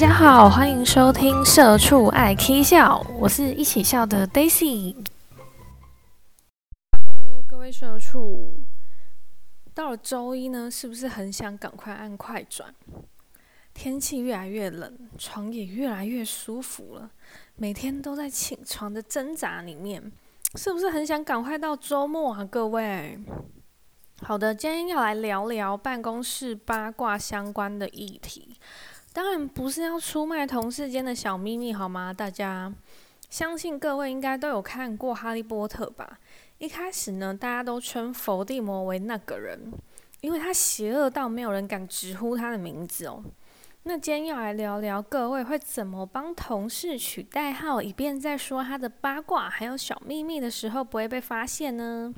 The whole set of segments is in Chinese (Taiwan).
大家好，歡迎收聽《社畜愛 K 笑》，我是一起笑的 Daisy。Hello，各位社畜，到了週一呢，是不是很想趕快按快轉？天氣越來越冷，床也越來越舒服了，每天都在起床的掙扎裡面，是不是很想趕快到週末啊？各位，好的，今天要來聊聊辦公室八卦相關的議題。當然不是要出賣同事間的小祕密，好嗎？大家相信各位應該都有看過《哈利波特》吧？一開始呢，大家都稱伏地魔為那個人，因為他邪惡到沒有人敢直呼他的名字哦。那今天要來聊聊各位會怎麼幫同事取代號，以便在說他的八卦還有小祕密的時候不會被發現呢？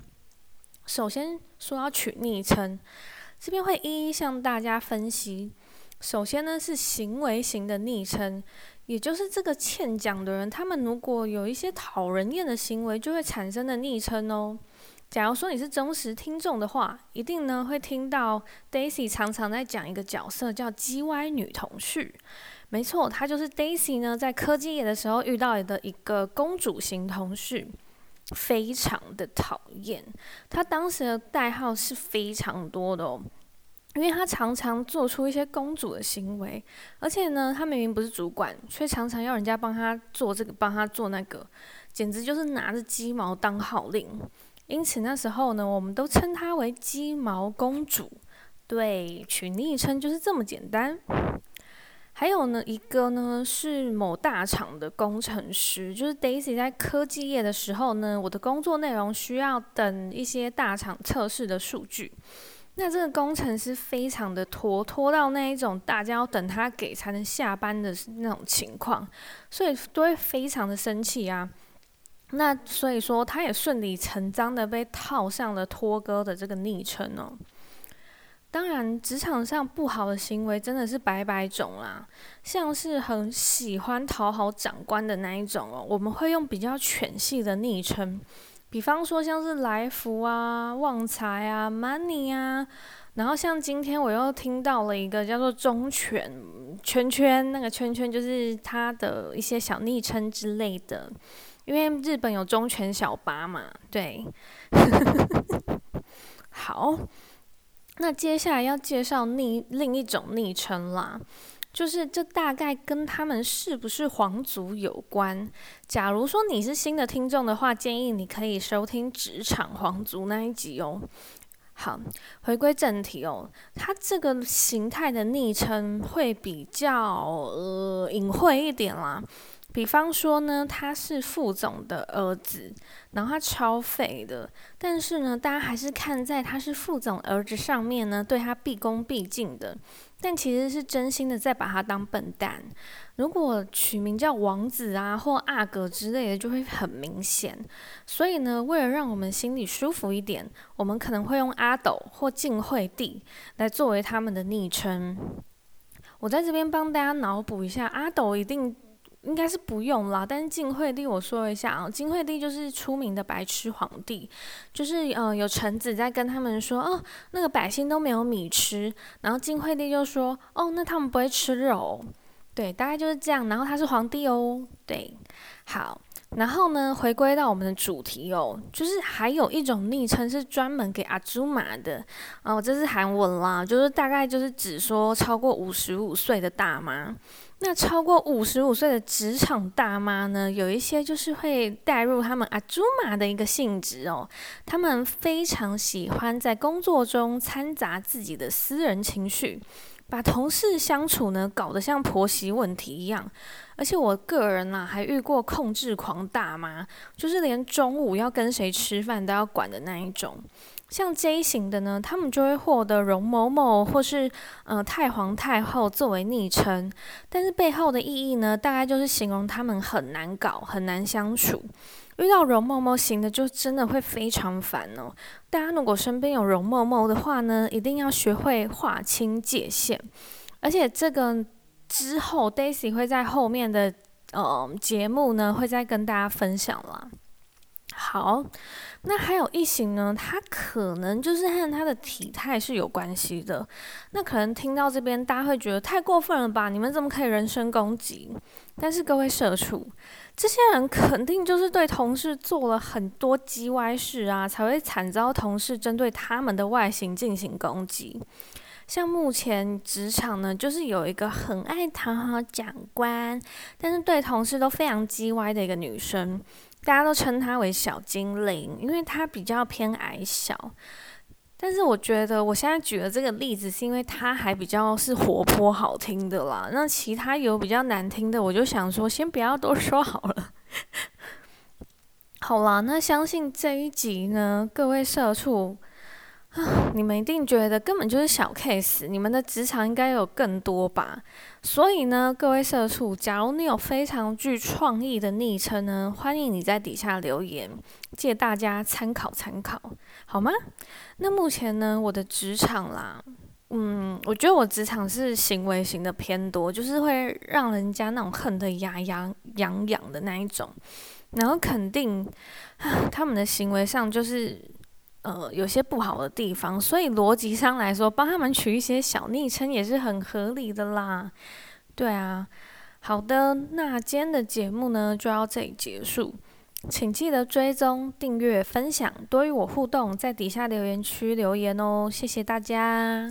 首先說要取昵稱，這邊會一一向大家分析。首先呢，是行為型的昵稱，也就是這個欠講的人，他們如果有一些討人厭的行為，就會產生的昵稱哦。假如說你是忠實聽眾的話，一定呢會聽到 Daisy 常常在講一個角色叫 GY 女同事，沒錯，她就是 Daisy 呢在科技業的時候遇到的一個公主型同事，非常的討厭。她當時的代號是非常多的哦。因為她常常做出一些公主的行為，而且呢，她明明不是主管，卻常常要人家幫她做這個，幫她做那個，簡直就是拿着雞毛當號令。因此那時候呢，我們都稱她為“雞毛公主”。對，取昵稱就是這麼簡單。還有呢，一個呢是某大廠的工程師，就是 Daisy 在科技業的時候呢，我的工作內容需要等一些大廠測試的數據。那這個工程師非常的拖，拖到那一種大家要等他給才能下班的那種情況，所以都會非常的生氣啊。那所以說，他也順理成章的被套上了拖哥的這個昵稱哦。當然，職場上不好的行為真的是百百種啦，啊，像是很喜歡討好長官的那一種哦，我們會用比較犬系的昵稱。比方說，像是來福啊、旺財啊、Money 啊，然後像今天我又聽到了一個叫做忠犬圈圈，那個圈圈就是他的一些小昵稱之類的，因為日本有忠犬小八嘛，對， 好，那接下來要介紹昵另一種昵稱啦。就是這大概跟他們是不是皇族有關。假如說你是新的聽眾的話，建議你可以收聽《職場皇族》那一集哦。好，回歸正題哦，它這個形態的昵稱會比較呃隱晦一點啦。比方說呢，他是副總的兒子，然後他超廢的，但是呢，大家還是看在他是副總兒子上面呢，對他畢恭畢敬的。但其實是真心的在把他當笨蛋。如果取名叫王子啊或阿哥之類的，就會很明顯。所以呢，為了讓我們心裡舒服一點，我們可能會用阿斗或晉惠帝來作為他們的昵稱。我在這邊幫大家腦補一下，阿斗一定。應該是不用了，但是晉惠帝，我說一下啊、哦，晉惠帝就是出名的白痴皇帝，就是呃有臣子在跟他們說，哦，那個百姓都沒有米吃，然後晉惠帝就說，哦，那他們不會吃肉，對，大概就是這樣，然後他是皇帝哦，對，好。然後呢，回歸到我們的主題哦，就是還有一種昵稱是專門給阿朱瑪的哦，這是韓文啦,就是大概就是指說超過五十五歲的大媽。那超過五十五歲的職場大媽呢，有一些就是會帶入他們阿朱瑪的一個性質哦，他們非常喜歡在工作中摻雜自己的私人情緒。把同事相處呢搞得像婆媳問題一樣，而且我個人吶、啊、還遇過控制狂大媽，就是連中午要跟誰吃飯都要管的那一種。像 J 型的呢，他們就會獲得“容某某”或是“呃太皇太后”作為昵稱，但是背後的意義呢，大概就是形容他們很難搞、很難相處。遇到“容某某”型的，就真的會非常煩哦。大家如果身邊有“容某某”的話呢，一定要學會劃清界限。而且這個之後，Daisy 會在後面的呃節目呢，會再跟大家分享啦。好，那還有一型呢，他可能就是和他的體態是有關係的。那可能聽到這邊，大家會覺得太過分了吧？你們怎麼可以人身攻擊？但是各位社畜，這些人肯定就是對同事做了很多雞歪事啊，才會慘遭同事針對他們的外形進行攻擊。像目前職場呢，就是有一個很愛討好長官，但是對同事都非常雞歪的一個女生。大家都稱它為小精靈，因為它比較偏矮小。但是我覺得，我現在舉的這個例子是因為它還比較是活潑好聽的啦。那其他有比較難聽的，我就想說，先不要多說好了。 好啦，那相信這一集呢，各位社畜。啊，你們一定覺得根本就是小 case，你們的職場應該有更多吧？所以呢，各位社畜，假如你有非常具創意的昵稱呢，歡迎你在底下留言，借大家參考參考，好嗎？那目前呢，我的職場啦，嗯，我覺得我職場是行為型的偏多，就是會讓人家那種恨得牙癢癢癢的那一種，然後肯定，啊，他們的行為上就是。呃，有些不好的地方，所以邏輯上來說，幫他們取一些小昵稱也是很合理的啦。對啊，好的，那今天的節目呢就到這裡結束，請記得追蹤、訂閱、分享，多與我互動，在底下留言區留言哦，謝謝大家。